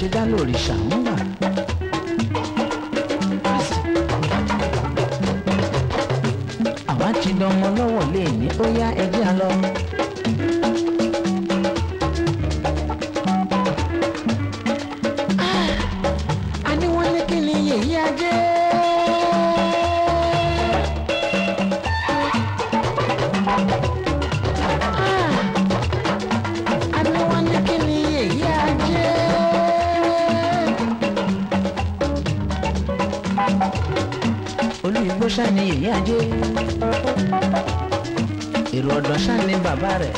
ṣe dá lòrìṣà ń gbà. àwa ti dánmọ lọ́wọ́ lè ní ó yá ẹjẹ́ á lọ. Ah, a ní wọ́n ní kí ni yèyí ajé. ṣáà ní ìyá ajé èrò ọ̀dọ̀ ṣáà ní bàbá rẹ̀.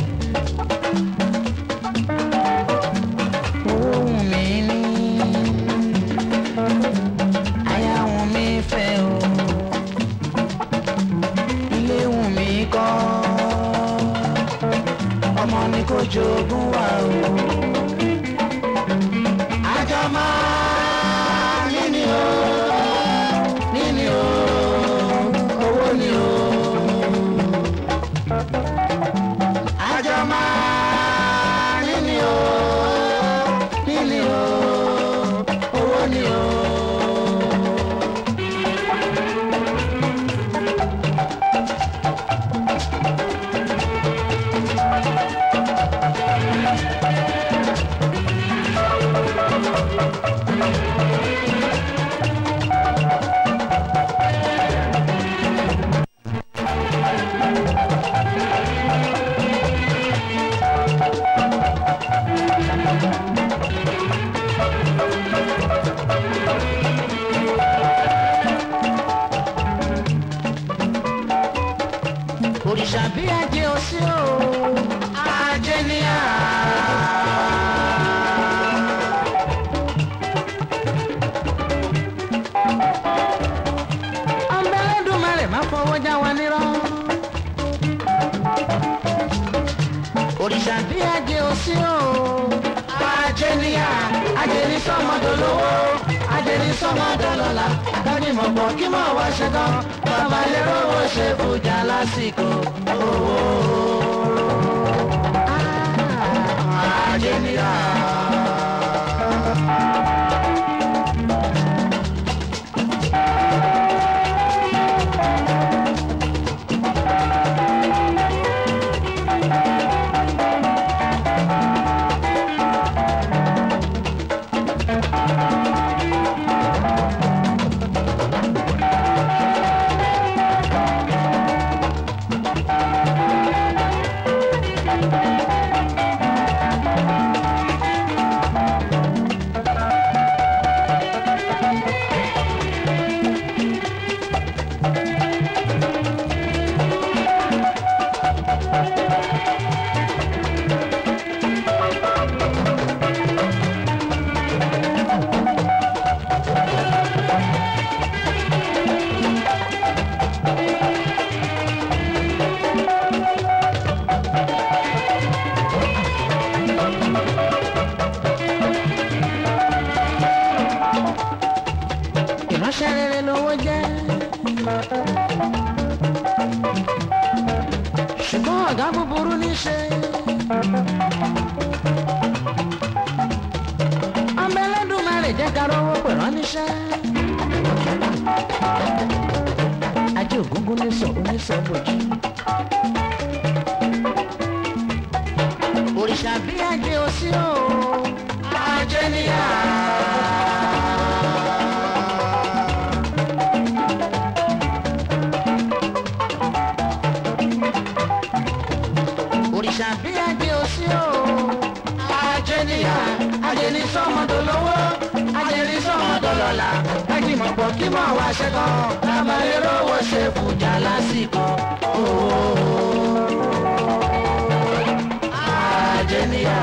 àjàǹbí ajé ò sí o. ajé níyà ajé ní sọmọdọlówó ajé ní sọmọdọlọ́lá dánimọ̀ pọ̀ kí mọ̀ wá ṣe bàbá lè rówó ṣe fújà lásìkò owó. Ah, ajé níyà. ọ̀gá búburú ní ṣe. ọmọ Ẹlẹ́dùmarè jẹ́ ká rówó pè rán níṣẹ́. ajé ògúngún ní sọ oníṣẹ́ bòjú. o. àṣàbí ajé òsì o. ajé níyà ajé ní sọmọdọ lọ́wọ́ ajé ní sọmọdọ lọ́la ajé mọ̀pọ̀ kí mọ̀ wá ṣẹ́kọ̀ọ́ lábàárẹ̀ owó ṣe fùjà lásìkò. ajé níyà.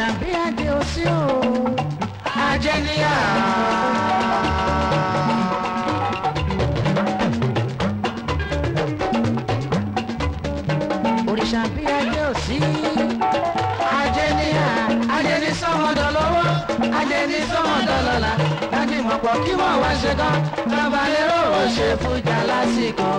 àṣàbí àdé òsì o ajẹ́níyà. òrìṣà bí àdé òsì ajẹ́níyà ajẹ́ní sọ́mọdọ̀ lọ́wọ́ ajẹ́ní sọ́mọdọ̀ lọ́la láti mọ̀ pọ̀ kí wọ́n wá ṣe tán tábàlérò ṣe fújà lásìkò.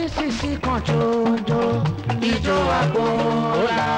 oríṣiríṣi kan jòjò ijó àgbò ọ̀la.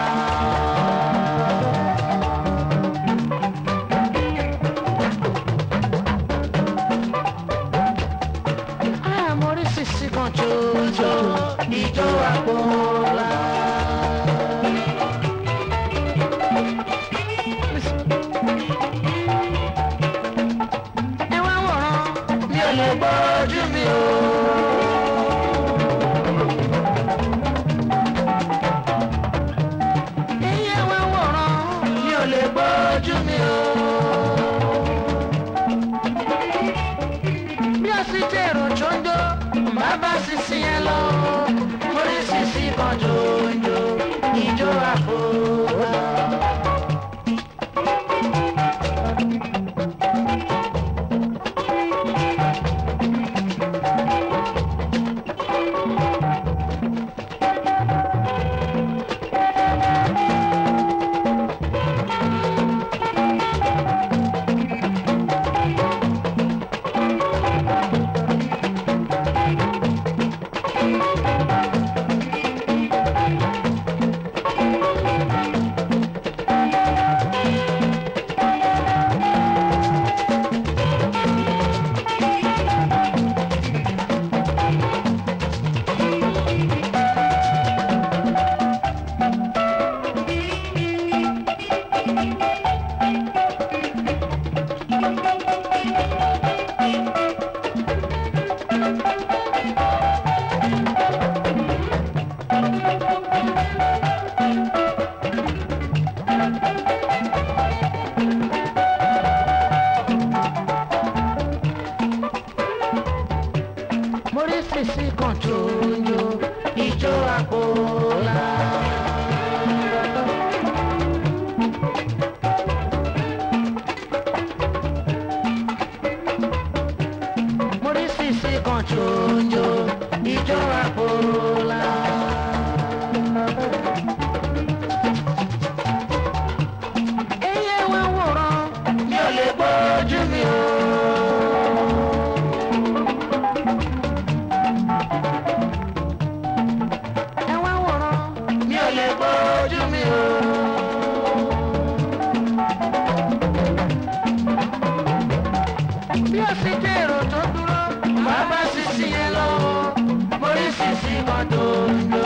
Lord know.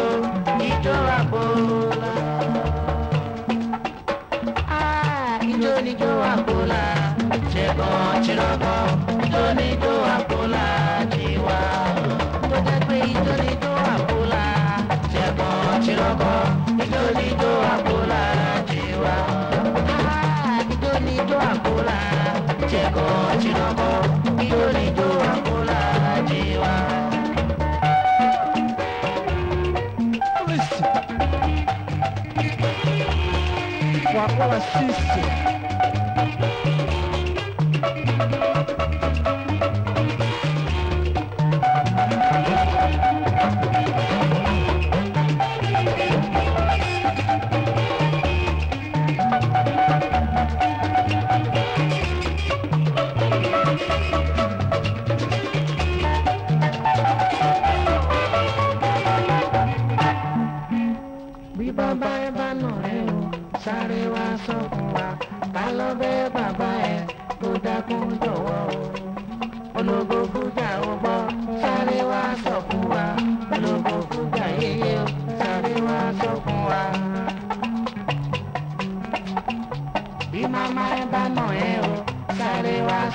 ela assiste.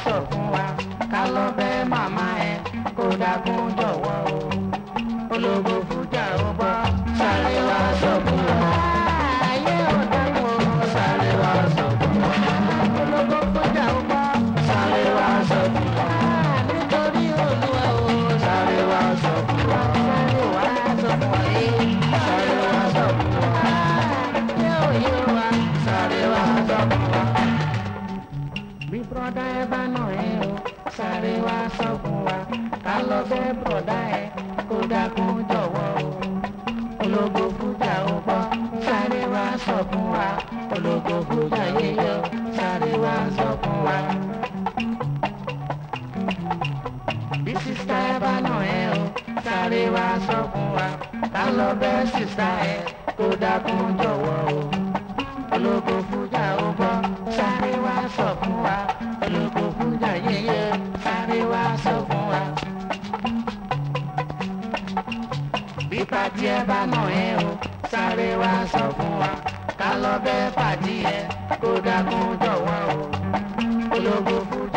sọ fún wa ká lọ bẹ màmá ẹ kó dákun jọ̀wọ́ o ológo sọ fún wa ká lọ fẹ́ bọ̀dá ẹ kó dákun jọ̀wọ́ o. ológo fújà ó gbọ́ sáré wá sọ fún wa ológo fújà yíyọ sáré wá sọ wa. bí sísá ẹ bá nà ẹ o sáré wá sọ wa ká lọ bẹ̀ sísá ẹ kó dákun jọ̀wọ́. pàtí ẹ bá mọ̀ ẹ́ o sáré wá sọ fún wa ká lọ bẹ́ pàtí ẹ kó dákun jọ̀wọ́ o ológo fún.